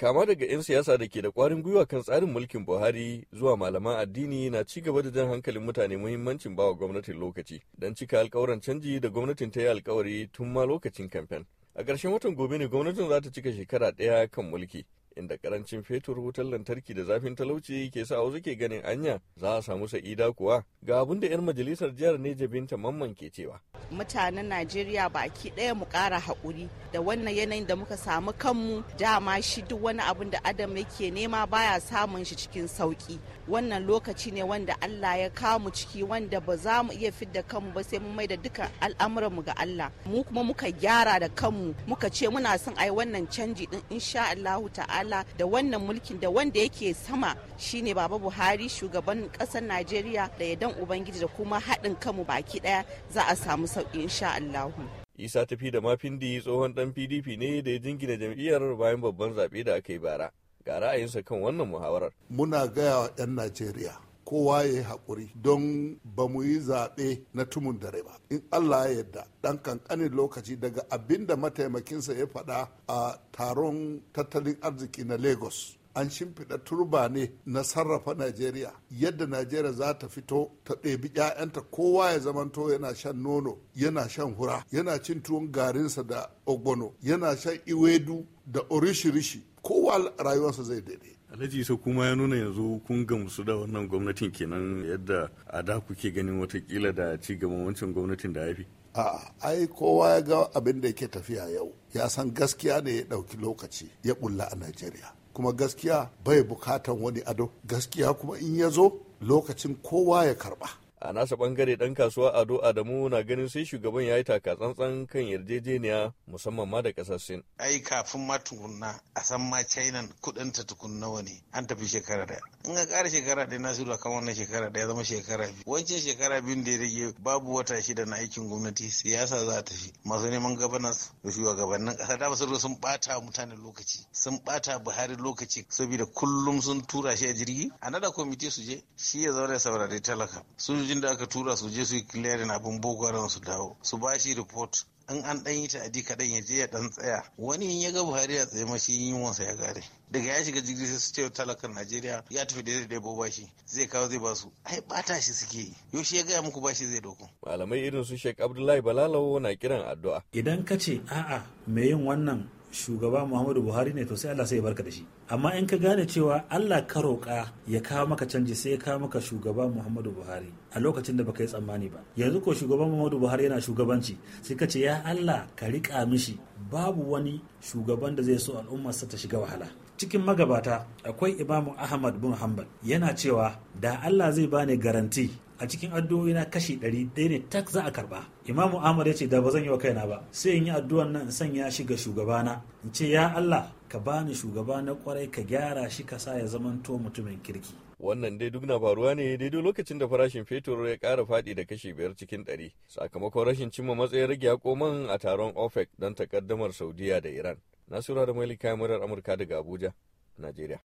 kama daga 'yan siyasa da ke da kwarin gwiwa kan tsarin mulkin buhari zuwa malaman addini na ci gaba da jan hankalin mutane muhimmancin bawa gwamnatin lokaci don cika alkawuran canji da gwamnatin ta yi alkawari tun ma lokacin kamfen a ƙarshen watan gobe ne gwamnatin za ta cika shekara ɗaya kan mulki inda karancin fetur wutar lantarki da zafin talauci ke sa wasu ke ganin anya za a samu sa'ida kuwa ga abin da 'yan majalisar jihar neja binta mamman ke cewa mutanen najeriya baki ɗaya mu ƙara haƙuri da wannan yanayin da muka samu kanmu dama shi duk wani abin da adam yake nema baya samun shi cikin sauƙi wannan lokaci ne wanda allah ya kamu ciki wanda ba za mu iya fidda kanmu ba sai mun mai da al'amuran mu ga allah mu kuma muka gyara da kanmu muka ce muna son ai wannan canji din insha allahu ta'ala da wannan mulkin da wanda yake sama shine baba buhari shugaban ƙasar najeriya da ya dan ubangiji da kuma haɗin kanmu baki ɗaya za a samu sauƙi sauki insha Allahu. Isa tafi da mafindi tsohon ɗan PDP ne da ya jingina jam'iyyar bayan babban zaɓe da aka yi bara. Ga ra'ayinsa kan wannan muhawarar. Muna gaya wa 'yan Najeriya kowa ya yi haƙuri don ba mu yi zaɓe na tumun dare ba. In Allah ya yarda ɗan kankanin lokaci daga abinda mataimakinsa ya faɗa a taron tattalin arziki na Lagos. an shimfiɗa turba ne na sarrafa najeriya yadda najeriya za ta fito ta ɗebi 'ya'yanta kowa ya zamanto yana shan nono yana shan hura yana cin tuwon garinsa da ogbono yana shan iwedu da orishirishi kowa rayuwarsa zai daidai alhaji isa kuma ya nuna yanzu kun gamsu da wannan gwamnatin kenan yadda a da kuke ganin watakila da ci gaban wancan gwamnatin da haifi a ai kowa ya ga abin da yake tafiya yau ya san gaskiya ne ya ɗauki lokaci ya bulla a najeriya kuma gaskiya bai bukatan wani ado gaskiya kuma in ya zo lokacin kowa ya karba a nasa bangare dan kasuwa ado adamu na ganin sai shugaban ya yi taka tsantsan kan yarjejeniya musamman ma da kasar sin ai kafin ma tukunna a san ma china kudin ta tukunna wani an tafi shekara daya in ka kara shekara daya na zuwa kan wannan shekara daya zama shekara biyu wancan shekara biyun da ya rage babu wata shida na aikin gwamnati siyasa za ta fi masu neman gabanas da shugabannin kasa da basu sun bata mutane lokaci sun bata buhari lokaci saboda kullum sun tura shi a jirgi a nada kwamiti su je shi ya ya saurari talaka sun sojojin da aka tura su je su yi clearing abin boko su dawo su ba shi report in an dan yi ta'adi kaɗan ya je ya dan tsaya wani in ya ga buhari ya tsaye mashi wansa ya gare daga ya shiga jirgi sai su ce talakan najeriya ya tafi da da ba shi zai kawo zai basu ai bata shi suke yi yaushe ya gaya muku bashi zai doko malamai irin su sheik abdullahi balalawo na kiran addu'a idan ka ce a'a me yin wannan shugaba muhammadu buhari ne to sai allah sai ya barka da shi amma in ka gane cewa allah ka roƙa ya kawo maka canji sai ya kawo maka shugaba muhammadu buhari a lokacin da baka yi tsammani ba yanzu ko shugaban muhammadu buhari yana shugabanci sai ka ce ya allah ka riƙa mishi babu wani shugaban da zai so al'ummarsa ta shiga wahala cikin magabata akwai imamu ahmad bin hanbal yana cewa da allah zai bani garanti a cikin addu'o'i na kashi ɗari ɗaya ne tak za a karɓa. imamu ahmad ya ce da ba zan yi wa kaina ba sai in yi addu'an nan in sanya shi ga shugabana in ce ya allah ka bani shugaba na kwarai ka gyara shi ka sa ya zamanto mutumin kirki wannan dai duk na faruwa ne daidai lokacin da farashin fetur ya ƙara faɗi da kashi biyar cikin ɗari sakamakon rashin cimma matsayin rage koman a taron opec don takaddamar saudiya da iran nasura da kayan murar amurka daga abuja najeriya